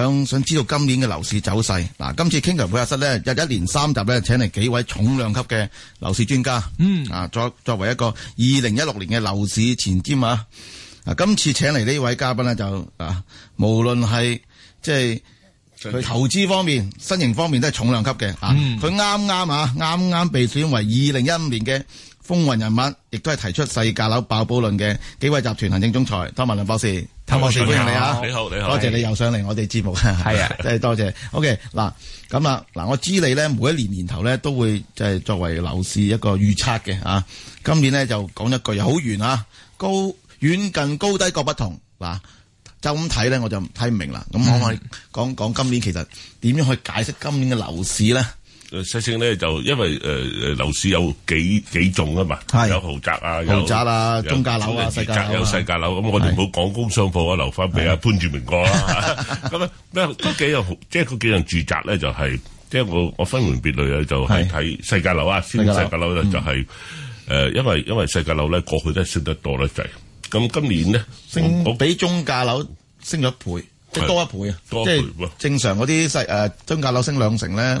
想想知道今年嘅樓市走勢嗱，今次 King Sir 會客室咧有一連三集咧，請嚟幾位重量級嘅樓市專家，嗯啊作作為一個二零一六年嘅樓市前瞻啊，啊今次請嚟呢位嘉賓呢，就啊無論係即係佢投資方面、身形方面都係重量級嘅吓，佢啱啱啊啱啱被選為二零一五年嘅風雲人物，亦都係提出細價樓爆煲論嘅紀惠集團行政總裁湯文亮博士。好我哋歡迎你啊！你好，你好，多謝你又上嚟我哋節目。係啊，真係多謝。OK，嗱咁啊，嗱我知你咧，每一年年頭咧都會就係作為樓市一個預測嘅啊。今年咧就講一句，好遠啊，高遠近高低各不同。嗱，啊，就咁睇咧，我就睇唔明啦。咁可唔可以講講，嗯、今年其實點樣去解釋今年嘅樓市咧？誒上升咧就因為誒誒樓市有幾幾種啊嘛，有豪宅啊，豪宅啊，中價樓啊，住隔有細價樓咁，我哋唔好講工商鋪啊，留翻俾阿潘志明哥啦。咁啊咩都幾樣好，即係嗰幾樣住宅咧就係，即係我我分門別類啊，就係睇細價樓啊，先細價樓咧就係誒，因為因為細價樓咧過去都係升得多得滯，咁今年咧升我比中價樓升咗一倍，即係多一倍啊，即係正常嗰啲細誒中價樓升兩成咧。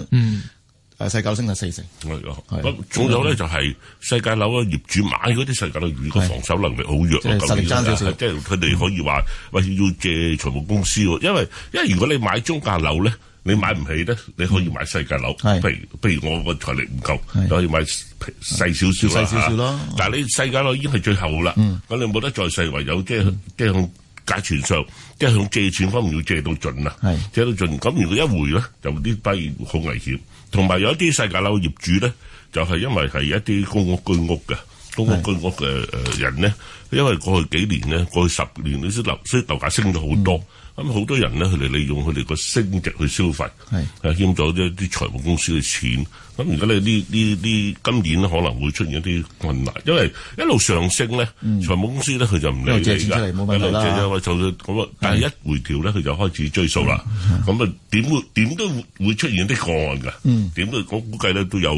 誒，細九成就是四成，係咯，係。仲有咧就係細價樓嘅業主買嗰啲細價樓，如果防守能力好弱，咁樣，即係佢哋可以話，喂，要借財務公司喎，因為因為如果你買中價樓咧，你買唔起咧，你可以買細價樓。譬如譬如我個財力唔夠，你可以買細少少細少少咯，但係你細價樓已經係最後啦，咁、嗯、你冇得再細，唯有即係即係向價錢上，即係向借錢方面要借到盡啦，借到盡。咁如果一回咧、嗯，就啲幣好危險。同埋有一啲世界樓業主咧，就係因為係一啲公屋居屋嘅公屋居屋嘅誒人咧，因為過去幾年咧，過去十年咧，樓，所以樓價升咗好多。咁、嗯、好多人咧，佢哋利用佢哋個升值去消費係係欠咗啲啲財務公司嘅錢咁而家咧，嗯、呢呢啲今年咧可能會出現一啲困難因為一路上升咧，嗯、財務公司咧佢就唔理你啦、嗯。一路借咗、啊，就咁啊！但係一回調咧，佢就開始追數啦。咁啊，點會點都會出現啲個案㗎？點、嗯、我估計咧都有，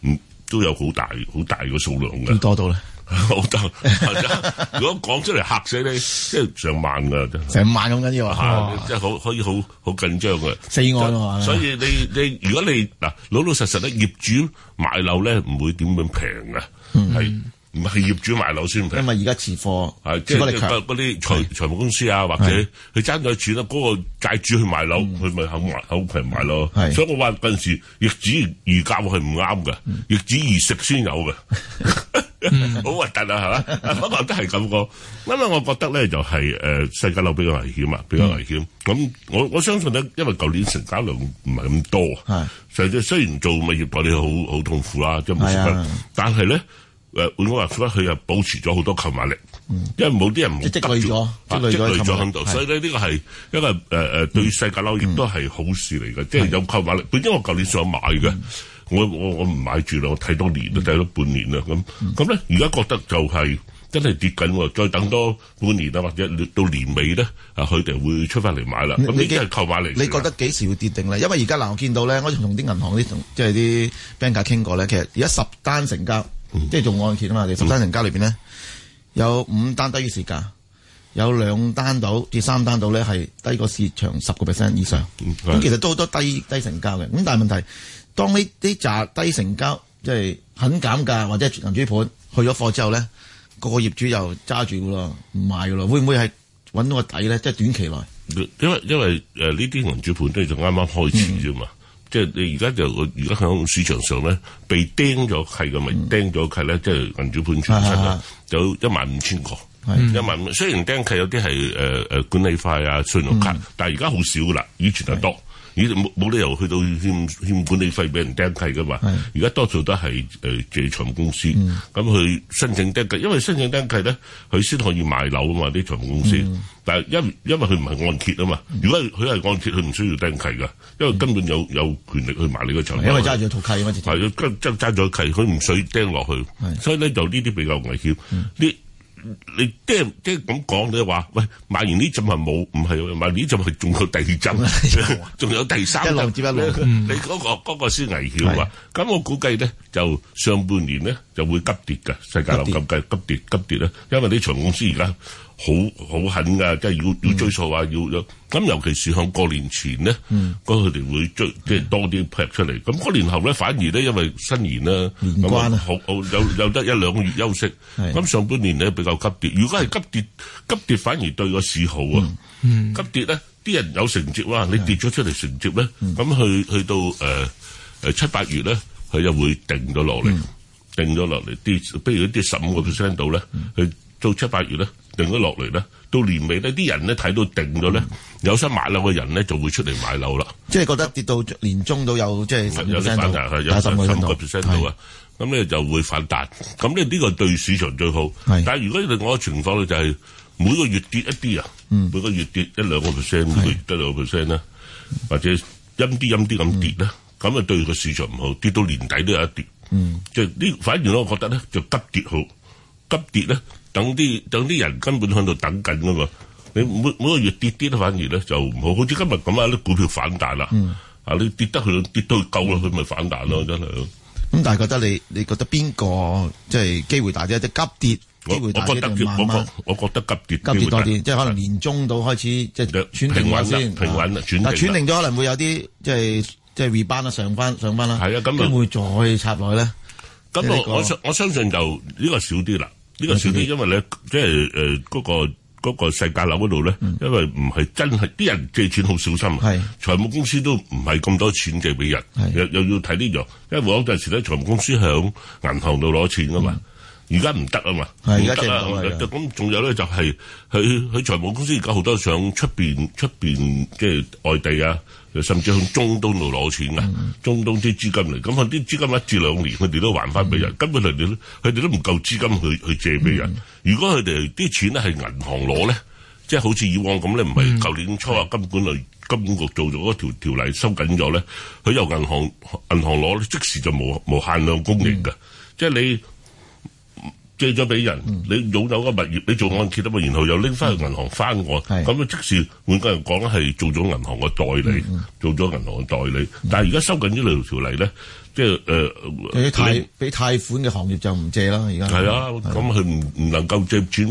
嗯都有好大好大個數量嘅多到咧。好得！如果講出嚟嚇死你，即係上萬噶，成 萬咁緊要啊！即係可可以好好緊張嘅，四萬。所以你你如果你嗱老老實實咧，業主買樓咧，唔會點樣平嘅，係唔係業主買樓先平？因為而家持貨係，即係嗰啲財財務公司啊，或者佢爭咗錢啦，嗰、嗰個債主去買樓，佢咪好買好平買咯。所以我話嗰陣時逆止預教係唔啱嘅，亦止預食先有嘅。 好核突啊，係嘛？不過都係咁講，嗯因這個個呃嗯，因為我覺得咧就係誒，世界樓比較危險啊，比較危險。咁我我相信咧，因為舊年成交量唔係咁多，係，甚至雖然做物業管理好好痛苦啦，即係唔得閒，但係咧誒，換句話講，佢又保持咗好多購買力，因為冇啲人積聚咗，積累咗喺度，所以咧呢個係一個誒誒，對世界樓亦都係好事嚟嘅，即係有購買力。畢竟我舊年想買嘅。我我我唔買住啦，我睇多年啦，睇咗半年啦，咁咁咧，而、嗯、家覺得就係、是、真係跌緊喎，再等多半年啊，或者到年尾咧，啊佢哋會出翻嚟買啦。咁呢啲係購買嚟，你覺得幾時會跌定咧？因為而家嗱，我見到咧，我仲同啲銀行啲即係啲 banker 傾過咧，其實而家十單成交，即係做按揭啊嘛，嗯、十單成交裏面咧有五單低於市價，有兩單到，至三單到咧係低過市場十個 percent 以上。咁、嗯、其實都好多低低成交嘅。咁但係問題。當呢啲扎低成交，即係肯減價或者銀主盤去咗貨之後咧，個個業主又揸住噶咯，唔賣噶咯，會唔會係搵到個底咧？即係短期內，因為因為誒呢啲銀主盤都係就啱啱開始啫嘛、嗯，即係你而家就而家響市場上咧被釘咗契嘅咪釘咗契咧，即係銀主盤傳出啦、啊啊啊，就一萬五千個，一萬五，雖然釘契有啲係誒誒管理費啊、信用卡、嗯、但係而家好少啦，以前就多。嗯你冇冇理由去到欠欠管理費俾人釘契噶嘛？而家多數都係誒、呃、借財務公司，咁、嗯、佢申請釘契，因為申請釘契咧，佢先可以賣樓啊嘛。啲財務公司，嗯、但係因因為佢唔係按揭啊嘛、嗯。如果佢係按揭，佢唔需要釘契噶、嗯，因為根本有有權力去賣你個場。因為揸住套契，我自係即係揸咗契，佢唔使釘落去，所以咧就呢啲比較危險。呢、嗯你即係即係咁講，你話喂買完呢針係冇，唔係，買完呢針係仲有第二針啊，仲有第三針。你嗰個嗰個先危險啊！咁我估計咧，就上半年咧就會急跌嘅，世界樓咁計急跌急跌啦，因為啲長公司而家。好好狠噶，即係要要追數啊！要要咁，尤其是響過年前咧，咁佢哋會追即係多啲劈出嚟。咁過年後咧，反而咧因為新年啦，年關啊，好有有得一兩個月休息。咁上半年咧比較急跌，如果係急跌，急跌反而對個市好啊！急跌咧，啲人有承接哇！你跌咗出嚟承接咧，咁去去到誒誒七八月咧，佢就會定咗落嚟，定咗落嚟啲，譬如啲十五個 percent 度咧，去到七八月咧。定咗落嚟咧，到年尾呢啲人咧睇到定咗咧、嗯，有心買樓嘅人咧就會出嚟買樓啦。即係覺得跌到年中都有即係有啲反彈，有十、十五個 percent 到啊，咁咧就會反彈。咁咧呢個對市場最好。但係如果我嘅情況咧就係每個月跌一啲啊，每個月跌一兩個 percent，每跌得兩個 percent 咧，或者陰啲陰啲咁跌咧，咁、嗯、啊對個市場唔好，跌到年底都有一跌。嗯，就呢、是，反而我覺得咧就急跌好，急跌咧。等啲等啲人根本喺度等緊噶嘛？你每每個月跌啲咧，反而咧就唔好。好似今日咁啊，啲股票反彈啦。啊、嗯，你跌得佢跌到夠啦，佢咪反彈咯、嗯，真係。咁、嗯、但係覺得你，你覺得邊個即係機會大啲？即、就是、急跌，機會大啲我我覺得急跌，我覺得急跌。急跌多啲即係可能年中到開始即係、就是、轉定先。轉定咗可能會有啲即係即係 rebound 啊，上翻上翻啦。係啊，咁會唔會再插落去咧？咁我、就是這個、我，我，我相信就呢、這個少啲啦。呢個少啲，因為咧，即係誒嗰個嗰個世界樓嗰度咧，因為唔係真係啲人借錢好小心，財務公司都唔係咁多錢借俾人，又又要睇呢樣，因為嗰陣時咧財務公司響銀行度攞錢噶嘛，而家唔得啊嘛，而家正啦，就咁，仲有咧就係佢佢財務公司而家好多想出邊出邊即係外地啊。甚至去中東度攞錢㗎，中東啲資金嚟，咁佢啲資金一至兩年，佢哋都還翻俾人，根本佢哋都唔夠資金去去借俾人。如果佢哋啲錢咧係銀行攞咧，即係好似以往咁咧，唔係舊年初啊金管局金管局做咗嗰條條例收緊咗咧，佢由銀行銀行攞咧，即時就無冇限量供應㗎。嗯、即係你。借咗俾人、嗯，你擁有個物業，你做按揭啊嘛？然後又拎翻去銀行翻按，咁、嗯、啊，即使換個人講係做咗銀行嘅代理，嗯嗯、做咗銀行嘅代理。嗯、但係而家收緊啲條條例咧，即係誒，呃、要貸俾貸款嘅行業就唔借啦。而家係啊，咁佢唔唔能夠借錢，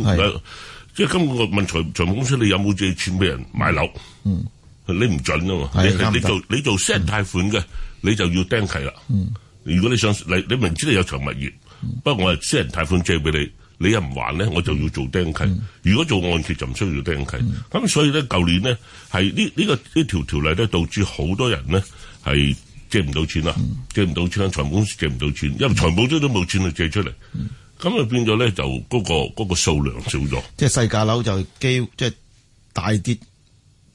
即係今個問財財務公司，你有冇借錢俾人買樓？嗯、你唔準嘛啊嘛、啊，你做你做私人貸款嘅、嗯，你就要掟契啦。如果你想你你明知你有場物業。嗯、不過我係私人貸款借俾你，你又唔還咧，我就要做釘契、嗯。如果做按揭就唔需要做釘契。咁、嗯、所以咧，舊年咧係呢呢個呢條條例咧，導致好多人咧係借唔到錢啦、嗯，借唔到錢，銀行、財務公司借唔到錢，因為財務都都冇錢去借出嚟。咁、嗯、就變咗咧就嗰、那個嗰、那個數量少咗。即係細價樓就基即係大跌，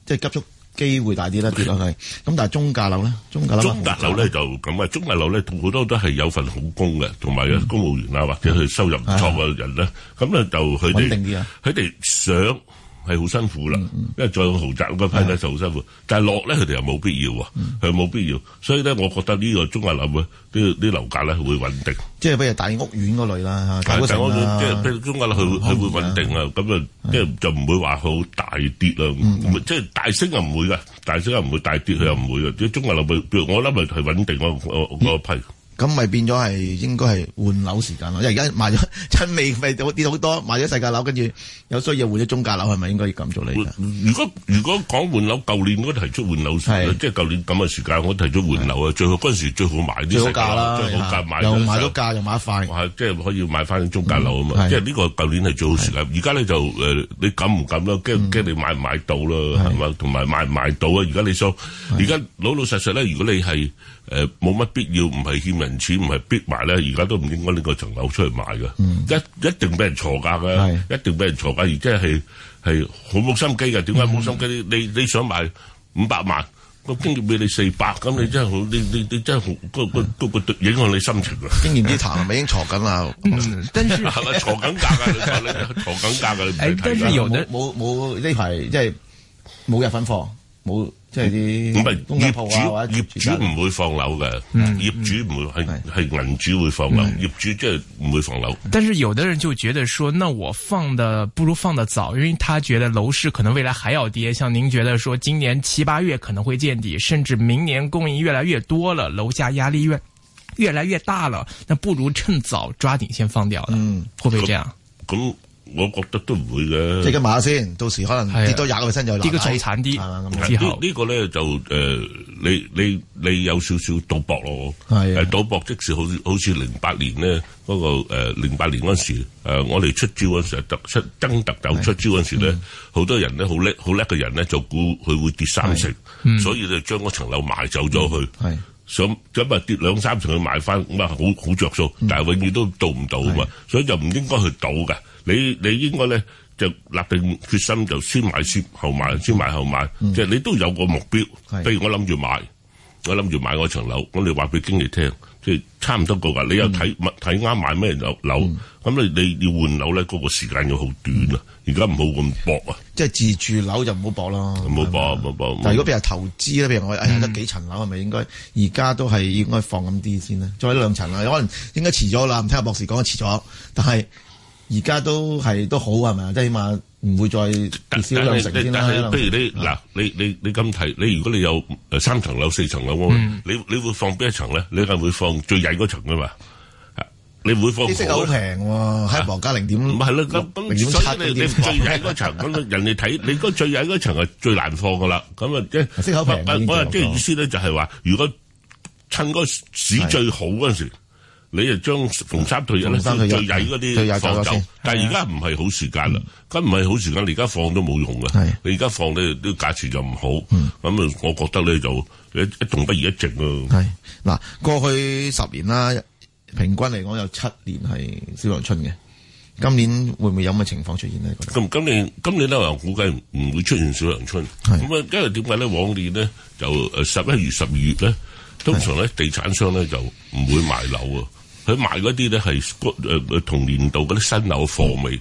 即、就、係、是、急速。機會大啲啦，跌落去咁，但係中價樓咧，中價樓，中價樓咧就咁啊！中價樓咧，好多都係有份好工嘅，同埋啊公務員啊，嗯、或者去收入唔錯嘅人咧，咁、嗯、啊就佢哋，佢哋想。係好辛苦啦，因為再用豪宅嗰批咧就好辛苦，但係落咧佢哋又冇必要喎，佢、嗯、冇必要，所以咧我覺得呢個中華樓咧，呢、這、啲、個這個、樓價咧會，啊就是嗯、會穩定。即係譬如大屋苑嗰類啦，大屋苑啦，即係中華樓佢佢會穩定啊，咁啊，即係就唔會話好大跌咯，即、嗯、係、嗯就是、大升又唔會嘅，大升又唔會，會，大跌佢又唔會嘅。即中華樓譬如我諗係係穩定嗰批。嗯咁咪變咗係應該係換樓時間咯，因為而家賣咗趁未，未跌好多，賣咗世界樓，跟住有需要換咗中價樓，係咪應該要咁做呢？如果如果講換樓，舊年應該提出換樓，即係舊年咁嘅時間，我提出換樓啊，最好嗰陣時最好買啲世界樓，最好價買，又賣咗價又賣一塊，係即係可以買翻啲中價樓啊嘛，即係呢個舊年係最好時間，而家咧就誒你敢唔敢啦，驚驚你買唔買到啦，同埋買唔買到啊？而家你想，而家老老實實咧，如果你係。誒，冇乜必要，唔係欠人錢，唔係逼埋咧。而家都唔應該拎個層樓出去賣嘅，一一定俾人鋤價嘅，一定俾人鋤價。而即係係係好冇心機嘅。點解冇心機？你你你想買五百萬，個經紀俾你四百，咁你真係好，你你你真係好，個個個個影響你心情啊！經紀啲談係咪已經鋤緊啦？嗯，但是係咪鋤緊價啊？鋤緊價嘅你唔係睇。誒，但是有的冇冇呢排即係冇入粉貨冇。即係啲，業主業主唔會放樓嘅，嗯，業主唔會係係銀主會放樓，嗯、業主即係唔會放樓。但是有的人就覺得說，那我放得不如放得早，因為他覺得樓市可能未來還要跌。像您覺得說，今年七八月可能會見底，甚至明年供應越來越多了，樓價壓力越越來越大了，那不如趁早抓緊先放掉啦。嗯，會不會這樣？咁、嗯。我覺得都唔會嘅，即刻買下先，到時可能跌多廿個 percent 就跌，這個最慘啲，係嘛？咁呢個咧就誒、呃，你你你有少少賭博咯，係，誒賭的、啊、博即好好、那個呃、時好似好似零八年咧，嗰個誒零八年嗰時誒，我哋出招嗰時，特出爭特斗出招嗰時咧，好的、嗯、多人咧好叻好叻嘅人咧就估佢會跌三成，嗯、所以就將嗰層樓賣走咗去。想咁啊跌兩三成去買翻咁啊，好好著數，但係永遠都做唔到嘛，所以就唔應該去賭㗎。你你應該咧就立定決心，就先買先後買，先買後買，即係你都有個目標。譬如我諗住買，我諗住買嗰層樓，咁你話俾經理聽。即係差唔多個價，你又睇睇啱買咩樓？樓咁、嗯、你你要換樓咧，嗰、那個時間要好短、嗯、要啊！而家唔好咁搏啊！即係自住樓就唔好搏咯，唔好搏，唔好搏。但係如果譬如投資咧，譬如我得、哎、幾層樓，係咪應該而家都係應該放咁啲先咧？再兩層樓啦，有可能應該遲咗啦。唔聽阿博士講，遲咗，但係。而家都係都好係咪？即係起碼唔會再跌少兩成先啦，不如你嗱，你你你咁睇，你，你你你你如果你有三層樓、四層樓、嗯，你你會放邊一層咧？你係會放最底嗰層噶嘛？你會放？你會放最嗯、你會放好平喎，喺王家玲點？唔係咯咁，6, 所，以所以你最 你最底嗰層咁人哋睇你嗰最底嗰層係最難放噶啦。咁啊，即係即係意思咧，就係話如果趁個市最好嗰陣時。你就將逢三退一，咧最曳嗰啲放走，但係而家唔係好時間啦，咁唔係好時間，你而家放都冇用嘅。你而家放呢啲價錢就唔好。咁、嗯、啊，我覺得咧就一,一動不如一靜啊。係嗱、啊，過去十年啦，平均嚟講有七年係小陽春嘅。今年會唔會有咁嘅情況出現呢？今年今年今年咧，我估計唔會出現小陽春。咁啊，因為點解咧？往年咧就呃、十一月、十二月咧，通常咧地產商咧就唔會賣樓啊。佢賣嗰啲咧係誒誒同年度嗰啲新樓貨尾，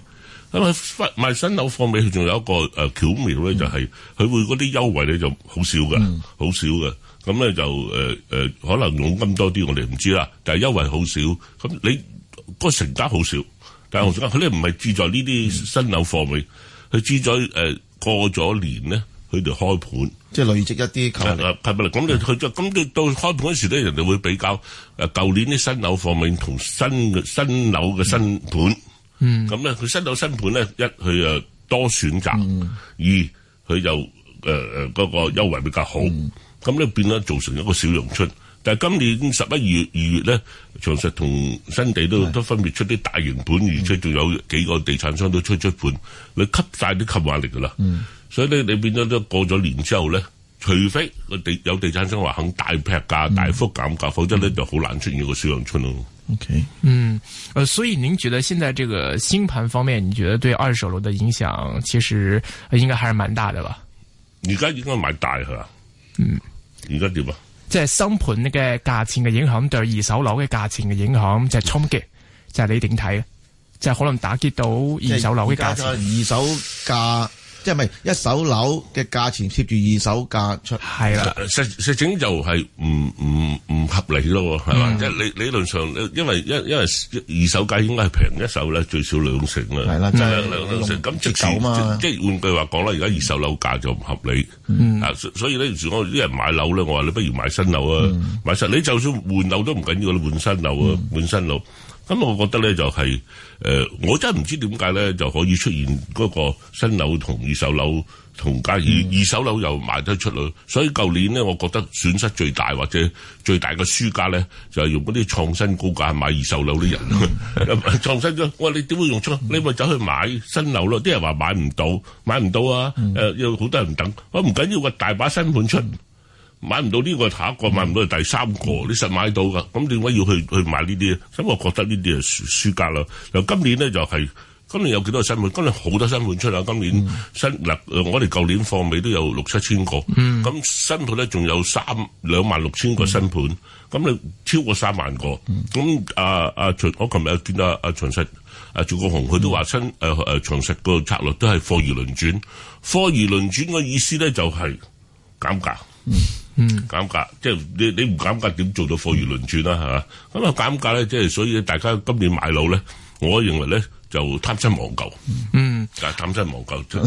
咁佢賣新樓貨尾，佢仲有一個誒巧妙咧就係佢會嗰啲優惠咧就好少嘅，好少嘅，咁咧就誒誒可能佣金多啲，我哋唔知啦，但係優惠好少，咁你個成交好少，但係我想講佢咧唔係置在呢啲新樓貨尾，佢置在誒過咗年咧，佢哋開盤。即係累積一啲吸。係咪？咁你去，咁你到開盤嗰時咧，人哋會比較誒舊年啲新樓放盤同新嘅新樓嘅新盤。嗯。咁咧，佢新樓新盤咧，一佢誒多選擇，嗯、二佢就誒誒嗰個優惠比較好。嗯。咁咧變咗造成一個小容出。但係今年十一二月二月咧，長實同新地都、嗯、都分別出啲大型盤而且仲、嗯、有幾個地產商都出出盤，你吸晒啲吸玩力㗎啦。嗯。所以你變咗都過咗年之後咧，除非個地有地產商話肯大劈價、大幅減價、嗯，否則咧就好難出現個小陽春咯。OK，嗯，誒，所以您覺得現在這個新盤方面，你覺得對二手樓的影響其實應該還是蠻大的吧？而家應該買大佢啊，嗯，而家點啊？即係新盤嘅價錢嘅影響對二手樓嘅價錢嘅影響，就係衝擊，就係你點睇啊？就係可能打擊到二手樓嘅價錢，二手價。即係咪一手樓嘅價錢貼住二手價出？係啦，實實情就係唔唔唔合理咯，係嘛？即係理理論上，因為因因為二手價應該係平一手咧最少兩成啦。係啦，即係兩成咁，直頭嘛即係換句話講啦，而家二手樓價就唔合理。嗯。啊，所以呢段時我啲人買樓咧，我話你不如買新樓啊，買新你就算換樓都唔緊要，你換新樓啊，換新樓。咁、嗯、我覺得咧就係、是，誒、呃，我真係唔知點解咧就可以出現嗰個新樓同二手樓同家二、嗯、二手樓又賣得出嚟。所以舊年咧，我覺得損失最大或者最大嘅輸家咧，就係、是、用嗰啲創新高價買二手樓啲人，嗯、 創新咗，喂你點會用出？你咪走去買新樓咯，啲人話買唔到，買唔到啊！誒、呃，有好多人等，我唔緊要啊，大把新盤出。買唔到呢個下一個，買唔到第三個，嗯、你實買到噶，咁點解要去去買呢啲咧？所以我覺得呢啲係書輸家啦。由今年咧就係、是，今年有幾多新盤？今年好多新盤出啦。今年新嗱、嗯呃，我哋舊年貨尾都有六七千個，咁、嗯、新盤咧仲有三兩萬六千個新盤，咁、嗯、你超過三萬個。咁阿阿長，我琴日見到阿長實阿趙國雄佢都話新誒誒長實個策略都係貨如輪轉，貨如輪轉嘅意思咧就係、是、減價。嗯嗯，減價即係你你唔減價點做到貨如輪轉啦吓，咁啊減價咧即係所以大家今年買樓咧，我認為咧就貪新忘舊，嗯，啊貪新忘舊，是、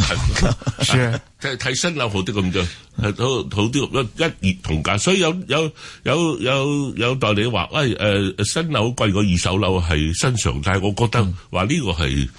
嗯、啊，即係睇新樓好啲咁啫，好好啲，一一二同價，所以有有有有有代理話喂誒新樓貴過二手樓係新常態，但我覺得話呢個係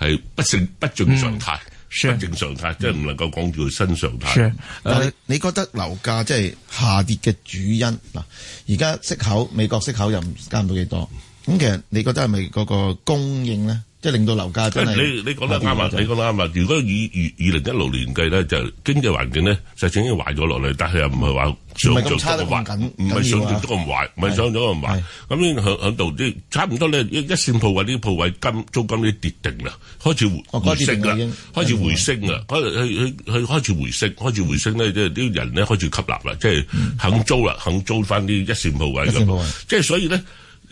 係不勝不正常態。嗯不正常態，即係唔能夠講住新常態。Sure. Uh, 但係你覺得樓價即係下跌嘅主因嗱？而家息口，美國息口又唔加唔到幾多，咁其實你覺得係咪嗰個供應咧？即係令到樓價真係你你講得啱啊！你講得啱啊！如果以二二零一六年計咧，就經濟環境咧實情已經壞咗落嚟，但係又唔係話上咗咁壞，唔係上咗咁壞，唔係上咗咁壞。咁樣喺喺度啲差唔多咧，一線鋪位呢啲鋪位金租金咧跌定啦，哦，開始回升啦，開始回升啊，開去去去開始回升，開始回升咧，即係啲人咧開始吸納啦，即係肯租啦，肯租翻啲一線鋪位咁。即係所以咧，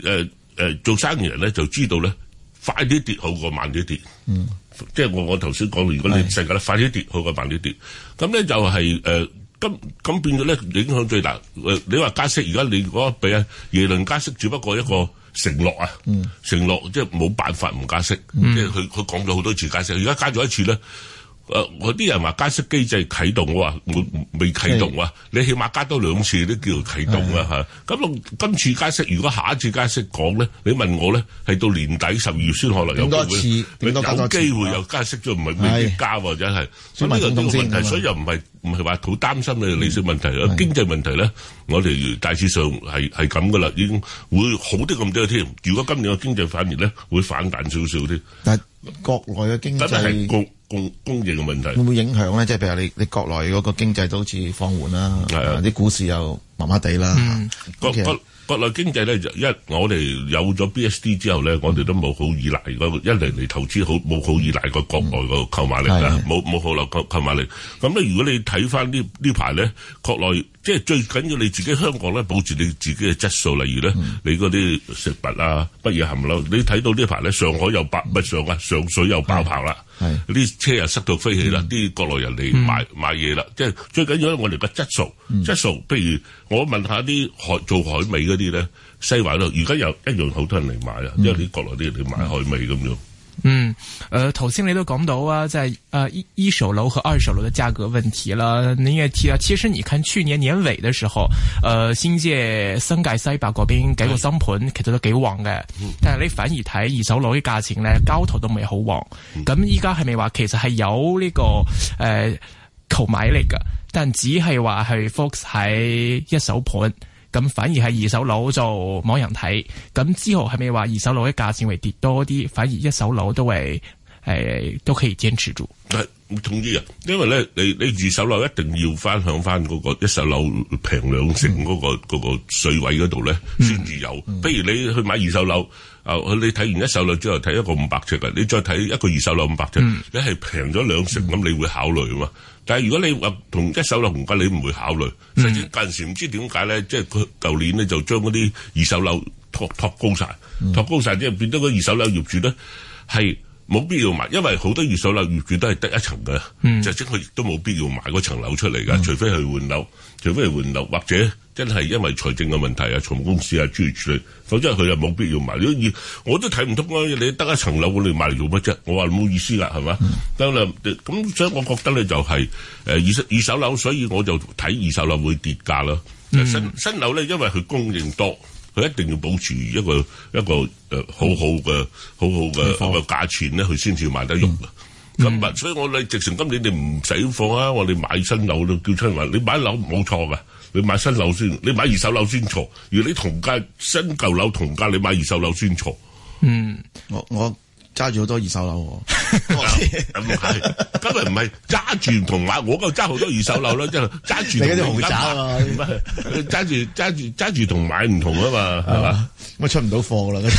誒誒，做生意人咧就知道咧。快啲跌好過慢啲跌，嗯、即係我我頭先講，如果你世界咧快啲跌好過慢啲跌，咁咧就係誒咁咁變咗咧影響最大。誒你話加息，而家你如果俾耶倫加息，只不過一個承諾啊、嗯，承諾即係冇辦法唔加息，嗯、即係佢佢講咗好多次加息，而家加咗一次咧。誒，嗰啲人話加息機制啟動啊，我話未啟動啊，你起碼加多兩次都叫做啟動啊吓。咁我今次加息，如果下一次加息講咧，你問我咧，係到年底十二月先可能有。好多次，有機會又加息咗，唔係未必加，真係。咁呢個都係問題，所以又唔係唔係話好擔心你嘅利息問題啊，經濟問題咧，我哋大致上係係咁噶啦，已經會好啲咁多添。如果今年個經濟反面咧，會反彈少少啲。但國內嘅經濟，真係供供供應嘅問題，會唔會影響咧？即係譬如你你國內嗰個經濟都好似放緩啦，係、嗯、啊，啲股市又麻麻地啦。國國國內經濟咧，因為我哋有咗 B S D 之後咧，我哋都冇好依賴一嚟嚟投資好冇好依賴個國內個購買力啦，冇冇好流購購買力。咁咧，如果你睇翻呢呢排咧，國內。即係最緊要你自己香港咧，保持你自己嘅質素。例如咧，你嗰啲食物啊，乜嘢含漏，你睇到呢排咧，上海又爆乜上啊，上水又爆棚啦，啲車又塞到飛起啦，啲、嗯、國內人嚟買、嗯、買嘢啦。即係最緊要咧，我哋嘅質素、嗯，質素。譬如我問下啲海做海味嗰啲咧，西環度，而家又一樣好多人嚟買啊，因為啲國內啲人嚟買海味咁樣。嗯，呃，頭先你都講到啊，即係、呃、一一手樓和二手樓嘅價格問題啦，你也提啊。其實你看去年年尾嘅時候，誒、呃、新界新界西北嗰邊幾個新盤其實都幾旺嘅，但係你反而睇二手樓嘅價錢咧，交投都未好旺。咁依家係咪話其實係有呢、這個誒購、呃、買力噶？但只係話係 focus 喺一手盤。咁反而係二手樓就冇人睇，咁之後係咪話二手樓嘅價錢會跌多啲？反而一手樓都係誒、呃、都可以堅持住。係同意啊，因為咧你你二手樓一定要翻響翻嗰個一手樓平兩成嗰、那個嗰、嗯那個水、那個、位嗰度咧先至有。不、嗯嗯、如你去買二手樓啊、呃，你睇完一手樓之後睇一個五百尺，你再睇一個二手樓五百尺，嗯、你係平咗兩成咁，嗯、你會考慮嘛？但係如果你話同一手樓紅骨，你唔會考慮。甚至近時唔知點解咧，即係佢舊年咧就將嗰啲二手樓托託高晒。托高晒之後變咗個二手樓業主咧係冇必要買，因為好多二手樓業主都係得一層嘅，嗯，就即係佢亦都冇必要買嗰層樓出嚟㗎，嗯，除非去換樓，除非係換樓或者。真係因為財政嘅問題啊，從公司啊諸如此類，否則佢又冇必要賣。如果我都睇唔通啊！你得一層樓，你賣嚟做乜啫？我話冇意思噶，啊，係咪？得、嗯、啦，咁所以我覺得咧就係、是、誒、呃、二手二手樓，所以我就睇二手樓會跌價啦、嗯、新新樓咧，因為佢供應多，佢一定要保持一個一個誒、呃、好好嘅好好嘅嘅價錢咧，佢先至賣得喐。今、嗯、日、嗯、所以我話你直情今年你唔使放啊！我哋買新樓都叫出嚟話，你買樓冇錯噶。你買新樓先，你買二手樓先錯。如你同價新舊樓同價，你買二手樓先錯。嗯，我我揸住好多二手樓。唔係，今日唔係揸住同買，我個揸好多二手樓啦。即係揸住同價。你啲豪宅啊嘛？揸住揸住揸住同買唔同啊嘛？係嘛？我出唔到貨啦，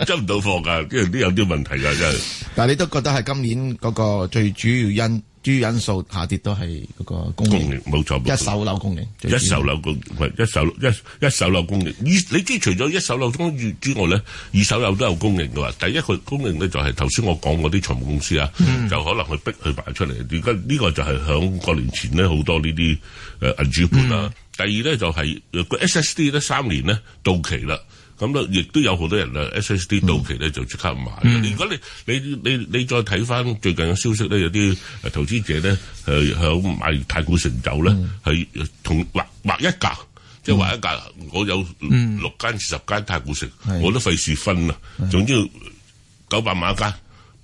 出唔到貨噶，啲啲有啲問題噶真係。但係你都覺得係今年嗰個最主要因。主要因素下跌都係嗰個供應，冇錯，一手樓供應，一手樓供唔係一手一一手樓供應。二，你，你知除咗一手樓供應之外咧，二手樓都有供應嘅話。第一個供應咧就係頭先我講嗰啲財務公司啊，嗯、就可能去逼佢擺出嚟。而家呢個就係響過年前咧，好多呢啲誒銀主盤啊。嗯、第二咧就係個 SSD 咧三年咧到期啦。咁咧，亦都有好多人啊 SSD 到期咧就即刻買。如果你你你你，你再睇翻最近嘅消息咧，有啲投資者咧誒響買太古城走咧，係、嗯、同劃劃一格，即、嗯、係劃一格。我有六間十間太古城，我都費事分啦。總之九百萬一間。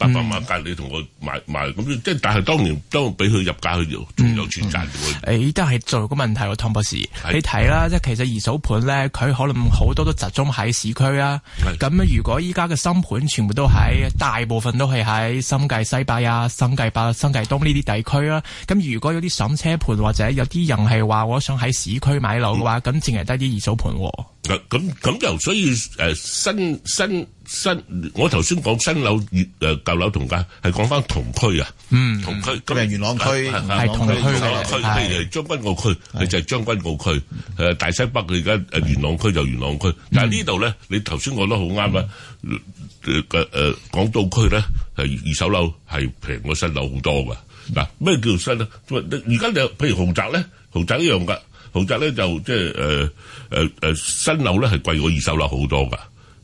八百萬價，你同我買、嗯、買咁，即係但係當年當俾佢入價，去，仲有賺嘅。誒、嗯，都係做個問題喎，湯博士，你睇啦，即係其實二手盤咧，佢可能好多都集中喺市區啊。咁如果依家嘅新盤全部都喺、嗯，大部分都係喺新界西邊啊、新界北、新界東呢啲地區啦、啊。咁如果有啲上車盤或者有啲人係話我想喺市區買樓嘅話，咁淨係得啲二手盤喎、啊。咁咁咁所以誒新、呃、新。新新我頭先講新樓，月誒舊樓同價，係講翻同區啊。嗯，同區。今日元朗區係同區，同區譬如將軍澳區，就係將軍澳區。誒，大西北佢而家元朗區就元朗區。但係呢度咧，你頭先講得好啱啊。誒誒，港島區咧係二手樓係平過新樓好多噶。嗱，咩叫新咧？而家就譬如豪宅咧，豪宅一樣噶。豪宅咧就即係誒誒誒，新樓咧係貴過二手樓好多噶。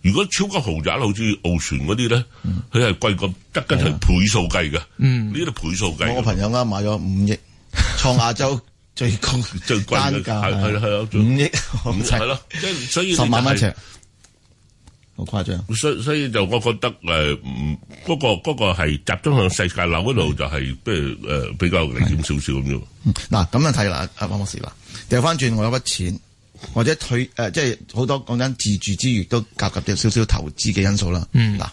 如果超級豪宅，好似澳船嗰啲咧，佢係貴過得跟住、啊、倍數計嘅，呢、嗯、啲倍數計。我個朋友啱買咗五億創亞洲最高 最貴嘅，係啦係五億係咯，即係、啊啊、所以、就是、十萬蚊尺好誇張。所以、就是、所，以所以就我覺得誒，唔、呃、嗰、那個嗰、那個係集中向世界樓嗰度，就係即係誒比較危險少少咁樣。嗱咁啊睇啦，啊博士啦，掉翻轉我有筆錢。或者退誒，即係好多講緊，自住之餘都夾夾啲少少投資嘅因素啦。嗯，嗱，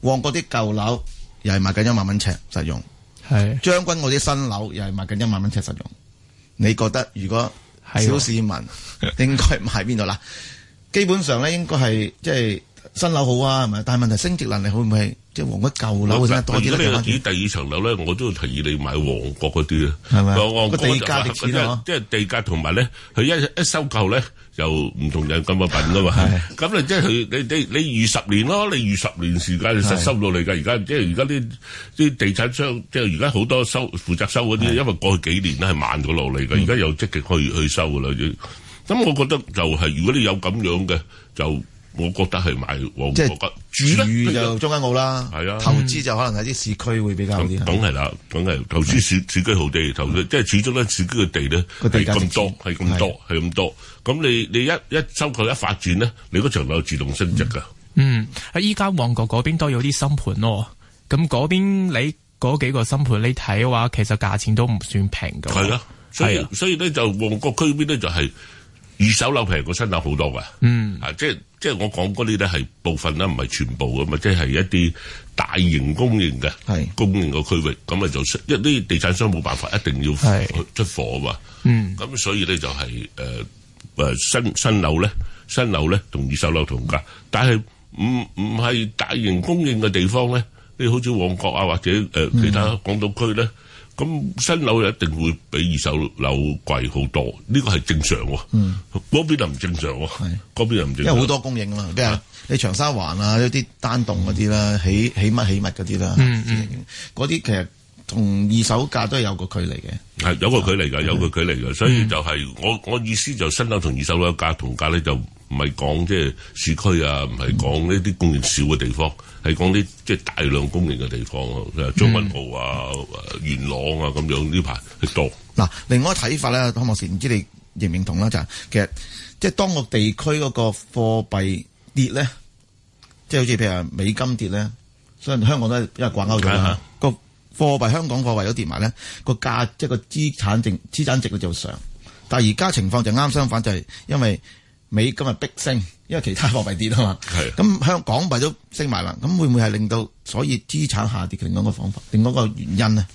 旺角啲舊樓又係賣緊一萬蚊尺實用，係將軍嗰啲新樓又係賣緊一萬蚊尺實用。你覺得如果小市民 應該買邊度啦？基本上咧，應該係即係新樓好啊，係咪？但係問題升值能力好唔好？即係旺角舊樓第二層樓咧，我都提議你買旺角嗰啲啊，係咪、那個？即係地價同埋咧，佢一一收購咧，就唔同人咁嘅品噶嘛。咁 即佢，你你你預十年咯，你預十年時間收收到嚟㗎。而 家即而家啲啲地產商，即係而家好多收負責收嗰啲， 因為過去幾年都係慢咗落嚟㗎，而家又積極去去收㗎啦。咁我覺得就係、是、如果你有咁樣嘅就。我覺得係買旺角主要咧，就中間澳啦。係啊，投資就可能喺啲市區會比較啲。梗係啦，梗係投資市市區好啲，投即係始終咧，市區嘅地咧係咁多，係咁多，係咁多。咁你你一一收購一發展咧，你嗰層樓有自動升值噶。嗯，依家旺角嗰邊都有啲新盤咯。咁嗰邊你嗰幾個新盤你睇嘅話，其實價錢都唔算平噶。係啊，啊，啊，啊，所以所以咧就旺角區邊咧就係、是。二手樓平過新樓好多嘅，嗯，啊，即係即係我講嗰啲咧係部分啦，唔係全部噶嘛，即係一啲大型供應嘅，係供應嘅區域，咁啊就一啲地產商冇辦法，一定要出貨嘛，嗯，咁所以咧就係誒誒新新樓咧，新樓咧同二手樓同價，但係唔唔係大型供應嘅地方咧，你好似旺角啊或者誒其他港島區咧。咁新樓又一定會比二手樓貴好多，呢個係正常喎。嗯，嗰邊就唔正常喎。嗰邊就唔正常。因好多供應啦，譬如你長沙環啊，一啲單棟嗰啲啦，嗯、起起物起物嗰啲啦，嗰、嗯、啲其實同二手價都係有個距離嘅。係有個距離㗎，有個距離㗎，所以就係、是嗯、我我意思就新樓同二手樓價同價咧就唔係講即係市區啊，唔係講呢啲供應少嘅地方。係講啲即係大量供應嘅地方，譬如將軍澳啊、元朗啊咁樣，呢排多。嗱，另外睇法咧，湯博士，唔知你認唔認同啦。就是、其實即係、就是、當地區個地區嗰個貨幣跌咧，即係好似譬如美金跌咧，雖然香港都因為掛鈎咗啦。個貨幣香港貨幣都跌埋咧，個價即係個資產值資產值就上。但係而家情況就啱相反，就係因為。美今日逼升，因為其他貨幣跌啊嘛。咁香港幣都升埋啦，咁會唔會係令到所有資產下跌，另一個方法，另一個原因呢？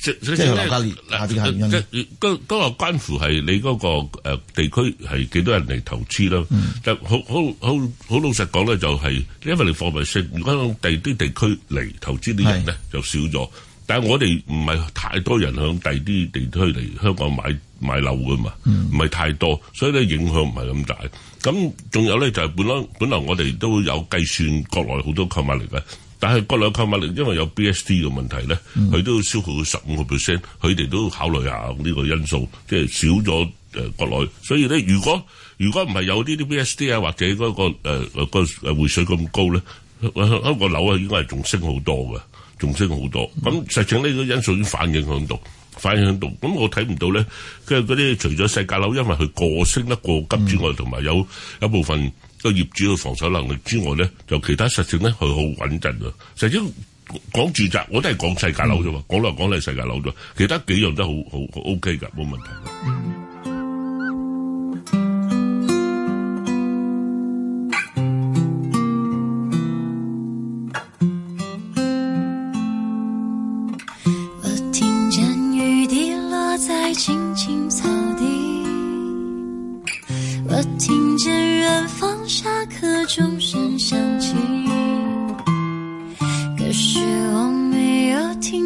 即係、就係、下跌嘅原因。都都係關乎係你嗰個誒地區係幾多人嚟投資咯。即係好好好好老實講咧，就係因為你貨幣升，如果第啲地區嚟投資啲人咧就少咗。是啊、但係我哋唔係太多人響第啲地區嚟香港買。買樓噶嘛，唔係太多，所以咧影響唔係咁大。咁仲有咧就係、是、本來本來我哋都有計算國內好多購買力嘅，但係國內購買力因為有 B S D 嘅問題咧，佢都消耗到十五個 percent，佢哋都考慮下呢個因素，即係少咗誒國內。所以咧，如果如果唔係有呢啲 B S D 啊，或者嗰、嗰個誒、呃嗰個匯水咁高咧，一、嗰個樓啊，應該係仲升好多嘅，仲升好多。咁實情呢個因素已經反映響到。反映度，咁我睇唔到咧，即係嗰啲除咗細價樓，因為佢過升得過急之外，同埋有一部分個業主嘅防守能力之外咧，就其他實質咧佢好穩陣嘅。實質講住宅，我都係講細價樓啫嘛、嗯，講嚟講嚟細價樓啫，其他幾樣都好好 OK 㗎，冇問題。我聽見遠方下課鐘聲響起，可是我沒有聽。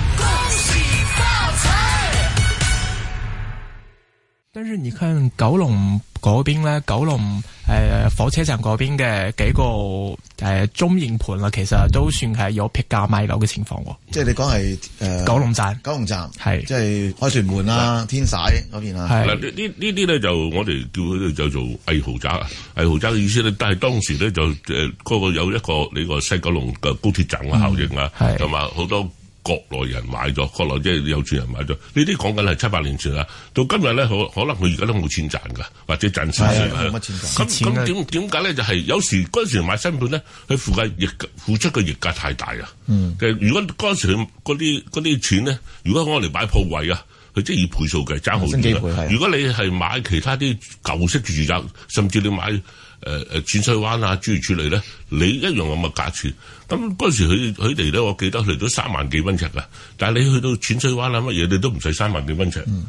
但是你看九龍嗰邊咧，九龍誒、呃、火車站嗰邊嘅幾個誒、嗯呃、中型盤啦，其實都算係有劈價賣樓嘅情況，嗯。即係你講係誒九龍站，九龍站係，即係凱旋門啦，啊、天璽嗰邊啦。嗱呢呢啲咧就我哋叫佢就做偽豪宅，偽豪宅嘅意思咧，但係當時咧就誒嗰、呃、個有一個你個西九龍嘅高鐵站嘅效應啦，啊，同埋好多。國內人買咗，國內即係有錢人買咗，呢啲講緊係七八年前啦。到今日咧，可可能佢而家都冇錢賺㗎，或者賺少少冇錢賺。咁咁點點解咧？就係、是、有時嗰陣時買新盤咧，佢附價溢付出嘅溢價太大啊。嗯。如果嗰陣時佢嗰啲嗰啲錢咧，如果我嚟買鋪位啊，佢即係以倍數嘅，爭好啲。如果你係買其他啲舊式住宅，甚至你買。誒、呃、誒，淺水灣啊，處理處理咧，你一樣咁嘅價錢。咁嗰陣時，佢佢哋咧，我記得佢哋都三萬幾蚊尺噶。但係你去到淺水灣啊，乜嘢，你都唔使三萬幾蚊尺。咁、嗯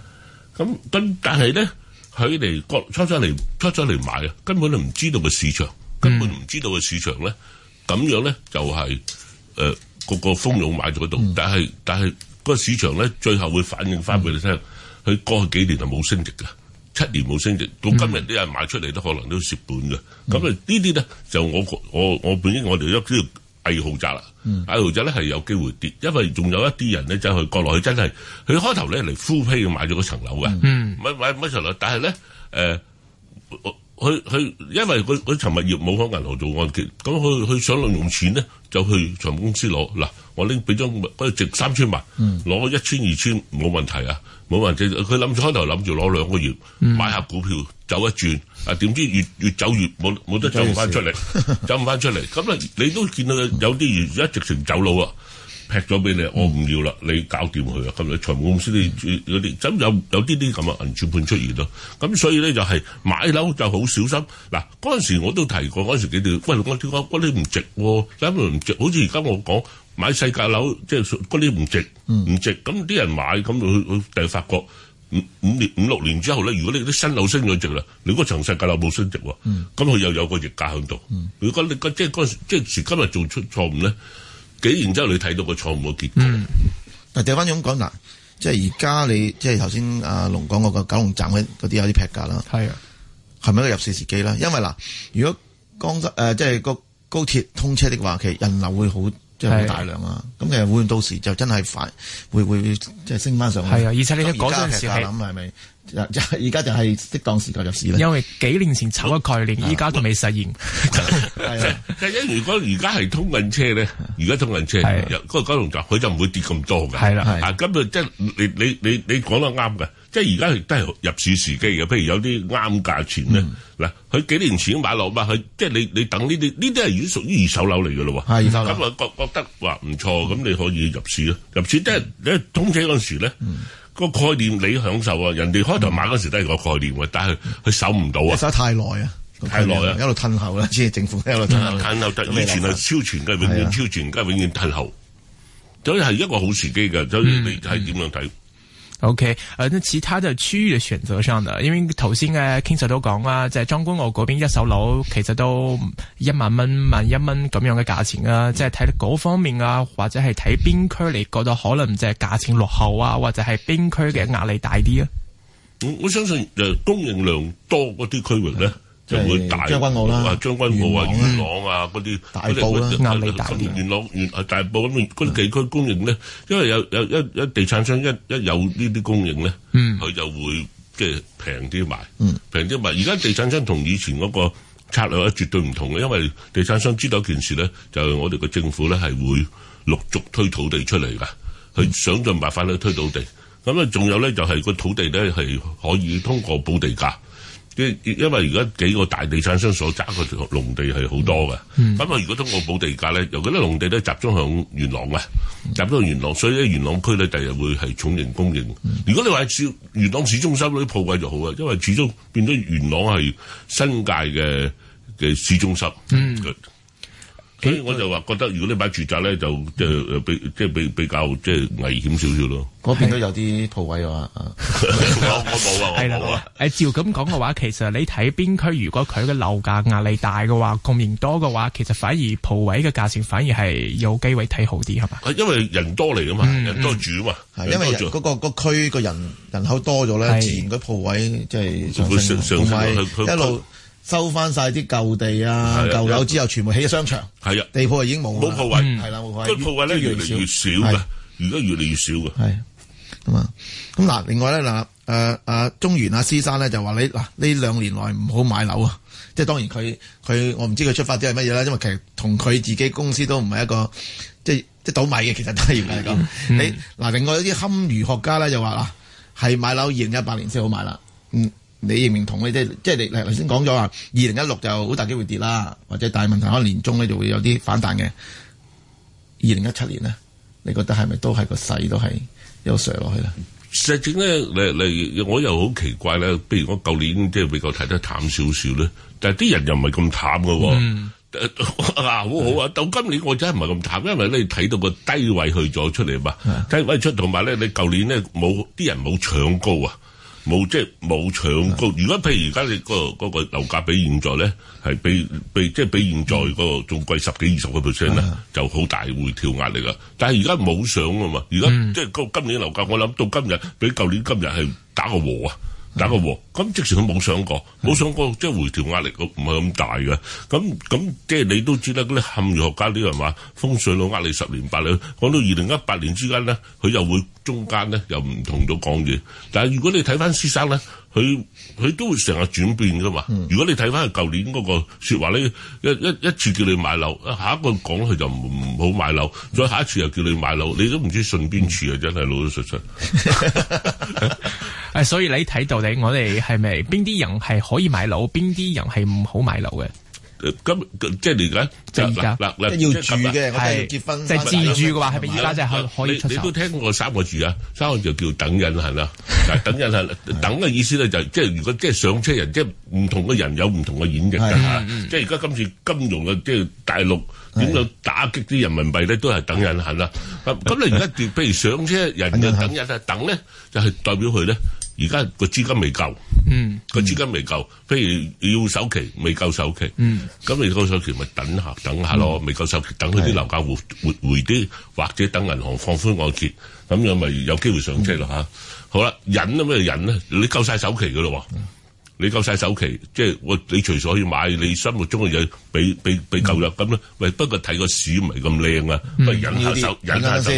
嗯、但係咧，佢哋出咗嚟出咗嚟買啊，根本都唔知道個市場，根本唔知道個市場咧，咁樣咧就係誒個個蜂擁買咗度。但係但係，嗰個市場咧，最後會反映翻俾你聽，佢、嗯、過去幾年就冇升值噶。七年冇升值，到今日啲人買出嚟都可能都蝕本嘅。咁、嗯、啊呢啲咧就我我我，我本應我哋都叫偽豪宅啦，嗯、偽豪宅咧係有機會跌，因為仲有一啲人咧就係過落去，去真，真係佢開頭咧嚟 full pay 買咗嗰層樓嘅，嗯係唔係唔係層樓，但係咧誒。呃我佢佢，因為佢佢尋物業冇喺銀行做按揭，咁佢佢想利用錢咧，就去財務公司攞嗱，我拎俾張嗰度值三千萬，攞一千二千冇問題啊，冇問題。佢諗住開頭諗住攞兩個月買下股票走一轉，啊點知越越走越冇冇得走唔翻出嚟， 走唔翻出嚟。咁啊，你都見到有啲業而家直情走佬啊！劈咗俾你，我唔要啦，你搞掂佢啊！咁你財務公司你有啲，咁有有啲啲咁嘅銀主盤出現咯。咁所以咧就係買樓就好小心。嗱，嗰陣時我都提過，嗰陣時幾條，喂、哎，我點解嗰啲唔值？點解唔值？好似而家我講買世界樓，即係嗰啲唔值，唔值。咁啲人買，咁佢佢第日發覺五五年五六年之後咧，如果你啲新樓升咗值啦，你嗰層世界樓冇升值，咁佢又有個逆價喺度。如果你即係嗰陣時，即係時今日做出錯誤咧。幾然之後你睇到個錯誤嘅結果。嗯，嗱掉翻咁講嗱，即係而家你即係頭先阿龍講嗰個九龍站嗰，嗰啲有啲劈價啦。係啊，係咪一個入市時機啦？因為嗱，如果江誒即係個高鐵、呃即係、通車的話，其實人流會好即係好大量啊。咁其實會到時就真係快，會會即係升翻上去。係啊，而且你喺嗰陣諗係咪？現在就而家就係適當時候入市啦，因為幾年前炒嘅概念，依家都未實現。係啊，因為如果而家係通運車咧，而家通運車，嗰個九龍站佢就唔會跌咁多嘅。係啦，係啊，今日即係你你你你講得啱嘅。即係而家亦都係入市時機嘅，譬如有啲啱價錢咧，嗱、嗯、佢幾年前買落嘛，佢即係你你等呢啲呢啲係已經屬於二手樓嚟嘅咯喎，咁我覺覺得話唔錯，咁、嗯、你可以入市咯，入市、嗯、即係你通起嗰陣時咧，嗯那個概念你享受啊，人哋開頭買嗰時都係個概念，嗯、但係佢守唔到啊，守得太耐啊，太耐啊，一路吞喉啦，即係政府喺度吞，吞喉得，以前係超前嘅，永遠超前，而家、啊、永遠吞喉，所以係一個好時機嘅，所以你係點樣睇？嗯嗯 O K，呃，那其他的區域嘅選擇上呢？因為頭先嘅 King Sir 都講啦、啊，在將軍澳嗰邊一手樓其實都一萬蚊、萬一蚊咁樣嘅價錢啦、啊，即係睇嗰方面啊，或者係睇邊區你覺得可能即係價錢落後啊，或者係邊區嘅壓力大啲啊？我我相信誒，供應量多嗰啲區域咧。嗯即係會大將軍澳啦、啊，元朗啊，元朗啊，嗰啲大埔啦、啊，大、啊。元朗、元係大埔咁啲地區供應咧、嗯，因為有有一一地產商一一有呢啲供應咧，佢、嗯、就會即係平啲賣，平啲賣。而家地產商同以前嗰個策略咧絕對唔同嘅，因為地產商知道一件事咧，就係、是、我哋嘅政府咧係會陸續推土地出嚟噶，佢、嗯、想盡辦法去推土地。咁啊，仲有咧就係個土地咧係可以通過補地價。即因為而家幾個大地產商所揸嘅農地係好多嘅，咁、嗯、啊如果通過補地價咧，有嗰啲農地都集中響元朗啊，集中喺元朗，所以咧元朗區咧第日會係重型供應。嗯、如果你話喺元朗市中心嗰啲鋪位就好啊，因為始終變咗元朗係新界嘅嘅市中心。嗯所以我就話覺得，如果你買住宅咧，就即係誒比即係比比較即係危險少少咯。嗰邊都有啲鋪位啊，嘛 有， 我冇啊，係、呃、啦。照咁講嘅話，其實你睇邊區，如果佢嘅樓價壓力大嘅話，供應多嘅話，其實反而鋪位嘅價錢反而係有機會睇好啲，係嘛？因為人多嚟啊嘛、嗯，人多住啊嘛、嗯住，因為嗰、那個嗰區個人人口多咗咧，自然個鋪位即係上上。一路。收翻晒啲舊地啊、舊樓之後，全部起咗商場。係啊，地鋪已經冇冇鋪位，係啦，冇、嗯、位。呢鋪位咧越嚟越，越，越少噶，而家越嚟越少噶。係咁啊，咁嗱、嗯嗯嗯嗯嗯，另外咧嗱，誒、呃啊、中原啊，施生咧就話你嗱呢兩年來唔好買樓啊，即、就、係、是、當然佢佢我唔知佢出發啲係乜嘢啦，因為其實同佢自己公司都唔係一個即係即倒米嘅，其實都係原來咁。你嗱、嗯，另外有啲堪輿學家咧就話啦，係買樓二零一八年先好買啦，嗯。你認唔認同、即係、你即係即係你頭先講咗話，二零一六就好大機會跌啦，或者大問題可能年中咧就會有啲反彈嘅。二零一七年咧，你覺得係咪都係個勢都係有上落去啦？實際呢，咧，你你我又好奇怪咧。譬如我舊年即係比較睇得淡少少咧，但係啲人又唔係咁淡㗎喎、嗯。啊，好好啊！到今年我真係唔係咁淡，因為你睇到個低位去咗出嚟嘛，低位出同埋咧你舊年咧冇啲人冇搶高啊。冇，即係冇搶高，如果譬如而家你嗰個嗰、嗰個樓價比現在咧，係比比即係比現在嗰個仲貴十幾二十個 percent 咧，就好大回跳壓力㗎。但係而家冇上啊嘛，而家、嗯、即係今、嗰個、今年樓價，我諗到今日比舊年今日係打個和啊。打咁，即時佢冇想過，冇想過即係、就是、回調壓力唔係咁大嘅。咁咁即係你都知啦，嗰啲堪輿學家啲人話風水佬呃你十年八年，講到二零一八年之間咧，佢又會中間咧又唔同咗講嘢。但係如果你睇翻先生咧。佢佢都會成日轉變噶嘛。如果你睇翻佢舊年嗰個説話咧，一一一次叫你買樓，下一個講佢就唔唔好買樓，再下一次又叫你買樓，你都唔知順邊處啊！真係老老實實。誒 所以你睇到底我哋係咪邊啲人係可以買樓，邊啲人係唔好買樓嘅？咁即係而家，嗱嗱，即係、就是、要住嘅，我哋結婚，即、就、係、是、自住嘅話，係咪而家即係可以出手？你，你都聽過三個字啊，三個字叫等運行啦、啊， 等運行，係，等嘅意思咧就即、是、係如果即係上車人，即係唔同嘅人有唔同嘅演繹嘅吓，即係而家今次金融嘅即係大陸點樣打擊啲人民幣咧，都係等運行啦、啊。咁你而家譬如上車人等運行 等咧就係、是、代表佢咧。而家個資金未夠，嗯，個資金未夠，譬如要首期未夠首期，嗯，咁未夠首期咪等下等下咯，嗯、未夠首期等佢啲樓價活活回啲，或者等銀行放寬按揭，咁樣咪有機會上車咯吓。好啦，忍咁、啊、就忍啦、啊，你夠晒首期噶咯、嗯，你夠晒首期，即係我你隨所，可以買你心目中嘅嘢，俾俾俾夠咗，咁咧喂，不過睇個市唔係咁靚啊，不如忍下手，嗯、忍下手，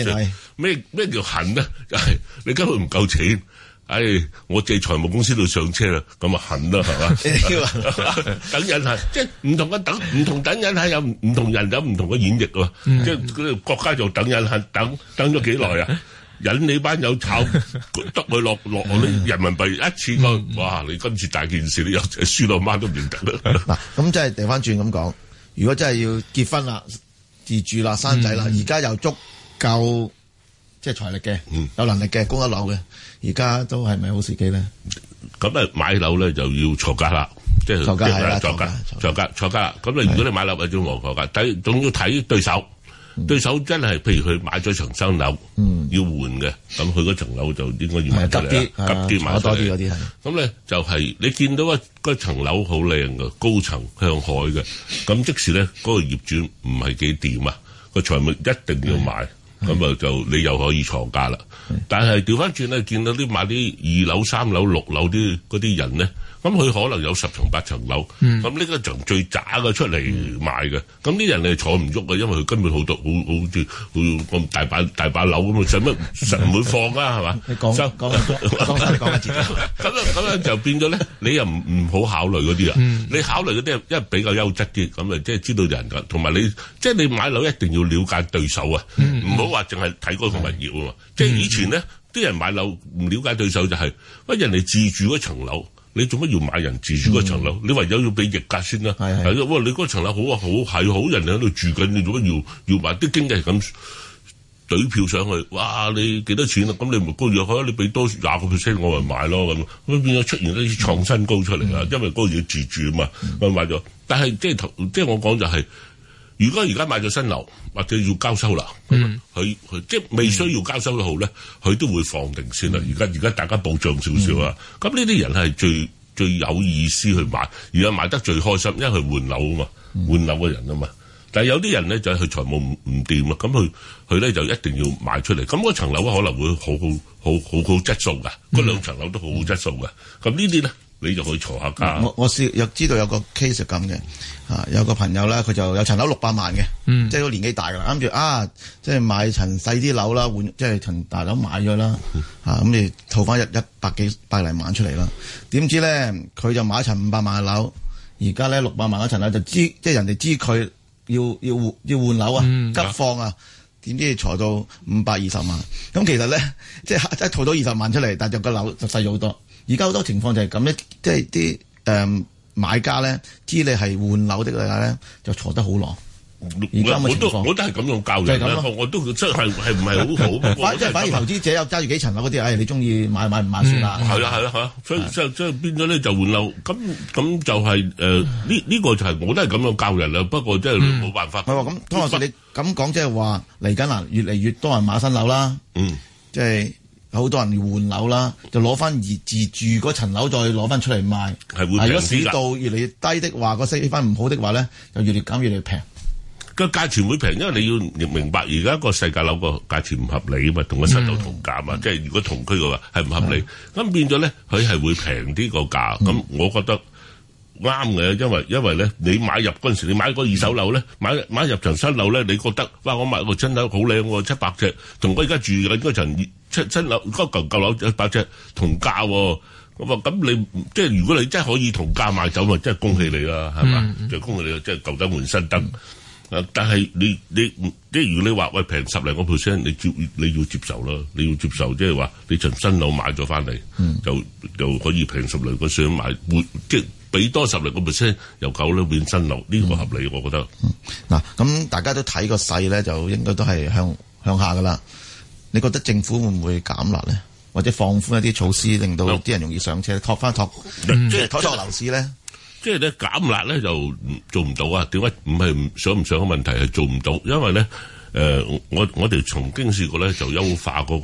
咩咩叫忍咧？係 你根本唔夠錢。唉、哎，我借財務公司度上車啦，咁啊狠啦，係嘛？ 等人係即係唔同嘅等，唔同等人係有唔同人有唔同嘅演繹喎、 嗯，即係國家就等人係等等咗幾耐啊？引你班友炒， 得佢落落啲人民幣一次咯、嗯，哇！你今次大件事你又輸到媽都唔認得啦。嗱、嗯，咁 即係掉翻轉咁講，如果真係要結婚啦、自住啦、生仔啦，而、嗯、家又足夠。即係財力嘅，有能力嘅，供一樓嘅，而家都係咪好時機咧？咁啊，買樓咧就要坐價啦，即係坐價啦，坐價坐價坐價啦。咁啊，如果你買樓就做卧房價，睇總要睇對手、嗯，對手真係譬如佢買咗層新樓，要換嘅，咁佢嗰層樓就應該要買,急急買多啲，夾啲買多啲嗰啲咁咧就係、是、你見到嗰層樓好靚㗎，高層向海嘅，咁即使咧嗰個業主唔係幾掂啊，個財務一定要買。咁、嗯、啊，就你又可以藏價啦。但係調翻轉咧，見到啲買啲二樓、三樓、六樓啲嗰啲人咧。咁佢可能有十層八層樓，咁呢一層最渣嘅出嚟賣嘅。咁啲人你坐唔喐嘅，因為佢根本好多好好住好個大把大把樓咁啊，使乜唔會放啊？係 嘛？你講，講講下自己。咁啊咁樣就變咗咧，你又唔唔好考慮嗰啲啊，你考慮嗰啲係因為比較優質啲，咁啊即係知道人噶，同埋你即係、就是、你買樓一定要了解對手啊，唔好話淨係睇嗰個物業啊嘛。即係、就是、以前咧，啲、嗯、人買樓唔了解對手就係、是，喂人哋自住嗰層樓。你做乜要買人自住嗰層樓？嗯、你唯有要畀逆價先啦，啊。係喎，你嗰層樓好好係好，好，人哋喺度住緊，你做乜要要買？啲經濟咁隊票上去，嘩，你幾多錢啊？咁你唔高住又可，你畀多廿個 percent 我咪買囉！咁。咁變咗出現一啲創新高出嚟啊！嗯，因為嗰度要自住嘛，咪買咗。但係即係我講就係、是。如果而家買咗新樓，或者要交收樓，佢、嗯、佢即係未需要交收嘅號咧，佢都會放定先啦。而家而家大家保障少少啊，咁呢啲人係最最有意思去買，而家買得最開心，因為佢換樓啊嘛，換樓嘅人啊嘛。但係有啲人咧就係、是、佢財務唔掂啊，咁佢佢咧就一定要賣出嚟。咁、那、嗰、個、層樓可能會好好好好好，好質素㗎，嗰兩層樓都好好質素㗎。咁、嗯、呢啲咧？你就可以嘈下㗎。我我知有知道有個 case 咁嘅，啊有個朋友呢，佢就有層樓六百萬嘅，即係都年紀大啦，諗住啊，即係買層細啲樓啦，換即係層大樓買咗啦，啊咁你套翻一一百幾百零萬出嚟啦。點知咧佢就買層五百萬嘅樓，而家咧六百萬一層樓就知即係人哋知佢要要要換樓啊，急放、嗯、啊，點知嘈到五百二十萬。咁其實咧即係一套到二十萬出嚟，但樓就個樓就細咗好多。而家好多情況就係咁咧，即係啲、嗯、買家咧，知你係換樓嘅咧，就坐得好耐。而家咁嘅情況，我都係咁樣教人、啊就是，樣咯。我都即係係唔係好好。 反即係、就是，反而投資者有揸住幾層樓嗰啲，唉， 哎，你中意買買唔買算啦、啊。係啦係啦係啦，所以即即係變咗咧就換樓，咁咁就係誒呢呢個就係、是，我都係咁樣教人啦。不過真係冇辦法。唔係喎，咁不過你咁講即係話嚟緊啦，嗯就是，來越嚟越多人買新樓啦。嗯，即、就、係、是。好多人換樓啦，就攞翻自住嗰層樓再攞翻出嚟賣。係如果市道越嚟越低的話，個息益翻唔好的話咧，就越嚟減越嚟平越越。個價錢會平，因為你要明白而家個世界樓個價錢唔合理啊嘛，同個實島同價啊、嗯，即係如果同區嘅話係唔合理。咁變咗咧，佢係會平啲個價。咁、嗯、我覺得。啱嘅，因為因為咧，你買入嗰陣時，你買個二手樓咧，買買入層新樓咧，你覺得哇，我買個新樓好靚，喎七百尺，同我而家住嘅嗰層新新樓嗰舊舊樓一百尺同價，我話咁你即係如果你真係可以同價買走，咪真係恭喜你啦，係嘛，就恭喜你，真係舊燈換新燈。誒，但係你你即係如果你話喂平十零個 percent，你接你要接受啦，你要接受，即係話你層新樓買咗翻嚟，就就可以平十零個 percent 買，即係。俾多十嚟個 percent 由九樓變新樓，呢、這個合理、嗯、我覺得。嗱、嗯，咁大家都睇個勢咧，就應該都係向向下噶啦。你覺得政府會唔會減辣咧，或者放寬一啲措施，令到啲人容易上車，嗯、托翻托即係、嗯、托樓、嗯、市咧？即係咧減辣咧就做唔到啊？點解唔係唔想唔唔想嘅問題係做唔到？因為咧。誒、呃、我我哋曾經試過咧，就優化嗰，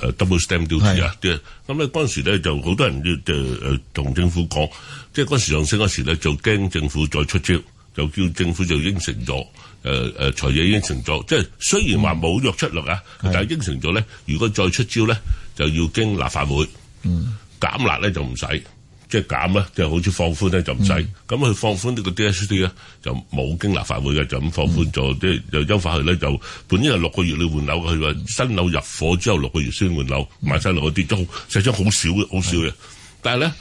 那個 double stamp duty 啊，即係咁咧嗰時時咧，就好多人要即係同政府講，即係嗰時時上升嗰時咧，就驚政府再出招，就叫政府就應承咗，誒、呃、誒財爺應承咗，即係雖然話冇約束力啊，嗯、但係應承咗咧，如果再出招咧，就要經立法會，嗯、減辣咧就唔使。即係減咧，即係好似放寬咧就唔使，咁佢放寬呢個 DSD 咧就冇經立法會嘅，就咁放寬咗，即係又優化佢咧就，本應係六個月你換樓嘅，佢話新樓入伙之後六個月先換樓，買新樓嗰啲都寫章好少嘅，好少嘅。但係咧，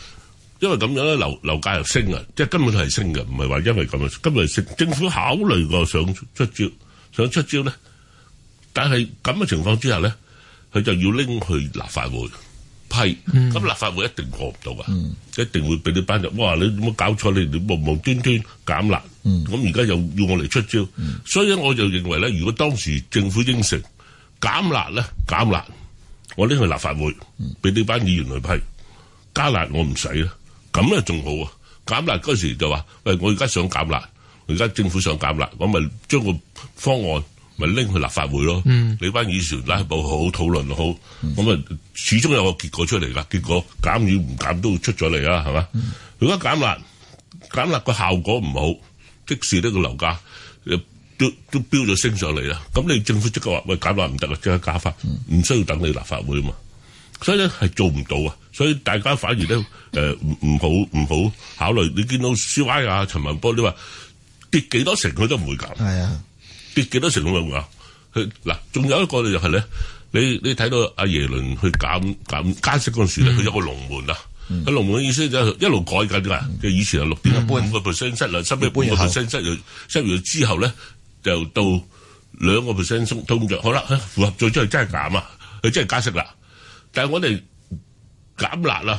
因為咁樣咧樓樓價又升啊，即係根本係升嘅，唔係話因為咁樣，今日升。政府考慮過想出招，想出招咧，但係咁嘅情況之下咧，佢就要拎去立法會。批，咁立法會一定過唔到㗎！一定會俾呢班人，哇！你點解搞錯？你你無無端端減辣，咁而家又要我嚟出招所以咧我就認為咧，如果當時政府應承減辣咧，減辣，我拎去立法會，俾呢班議員去批，加辣我唔使啦，咁啊仲好啊！減辣嗰時就話，喂，我而家想減辣，我而家政府想減辣，我咪將個方案。咪拎去立法會咯，嗯、你班議員拉布好討論好，咁啊、嗯、始終有個結果出嚟噶。結果減與唔減都會出咗嚟啊，係嘛、嗯？如果減辣減辣個效果唔好，即使呢個樓價都都飆咗升上嚟啦，咁你政府即刻話喂減辣唔得啊，即刻加翻，唔需要等你立法會啊嘛。所以咧係做唔到啊，所以大家反而咧誒唔好唔好考慮。你見到 CY 啊陳文波，你話跌幾多成佢都唔會減。係、哎、啊。跌幾多成咁樣噶？佢嗱，仲有一個就係、是、咧，你你睇到阿耶倫去減減加息嗰陣時咧，佢、嗯、有個龍門啊！佢、嗯、龍門嘅意思就係一路改緊㗎，即、嗯、係以前係六點一半五個 percent 息啦，收尾一半個 percent 息又收完之後咧，就到兩個 percent 通到好啦，符合最之後真係減啊，佢真係加息啦。但係我哋減辣啦，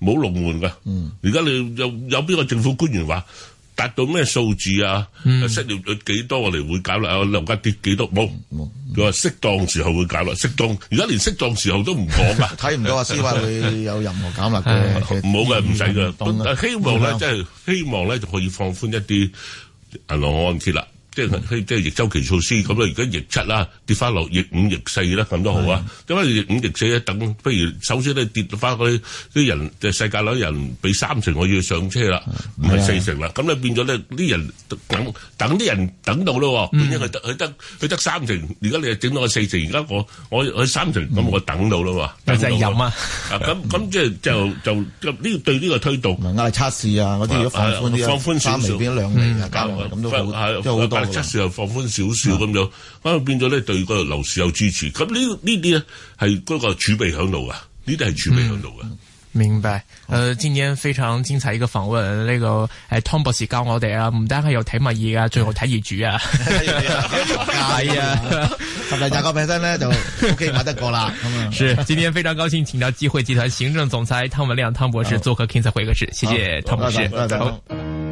冇龍門噶。而、嗯、家你有有邊個政府官員話？達到咩數字啊？失業率幾多我哋會減落啊？樓價跌幾多？冇，佢話適當時候會減落，適當。而家連適當時候都唔講噶，睇唔到啊，先會有任何減落嘅。冇嘅，唔使噶。希望咧，即係希望咧，就可以放寬一啲銀行按揭啦。即係即係逆周期措施咁啊！而家逆七啦，跌翻落逆五、逆四啦，咁都好啊。因為逆五、逆四咧，等不如首先咧跌到翻嗰啲啲人，即係世界內人，俾三成我要上車啦，唔係四成啦。咁你變咗咧，啲人等等啲人等到咯。變咗佢得佢得佢得三成，而家你又整到個四成，而家我我我三成，咁我等到咯喎。但係有啊！啊咁咁即係就就呢對呢個推動啊，壓力測試啊，嗰啲如果放寬啲啊，三釐變一兩釐啊，加落去咁都好，即係好多。則少又放寬少少咁樣，咁、啊、變咗咧對個樓市有支持。咁呢呢啲咧係嗰個儲備響度噶，呢啲係儲備響度噶。明白。誒、呃嗯，今天非常精彩一個訪問，呢、這個係湯博士教我哋啊，唔單係有睇物業啊，最後睇業主啊。係、哎、啊，十零廿個 percent 咧就 OK，買得過啦。 是，今天非常高興請到機會集團行政總裁湯文亮湯博士做客 King Sir 會客室謝謝湯博士。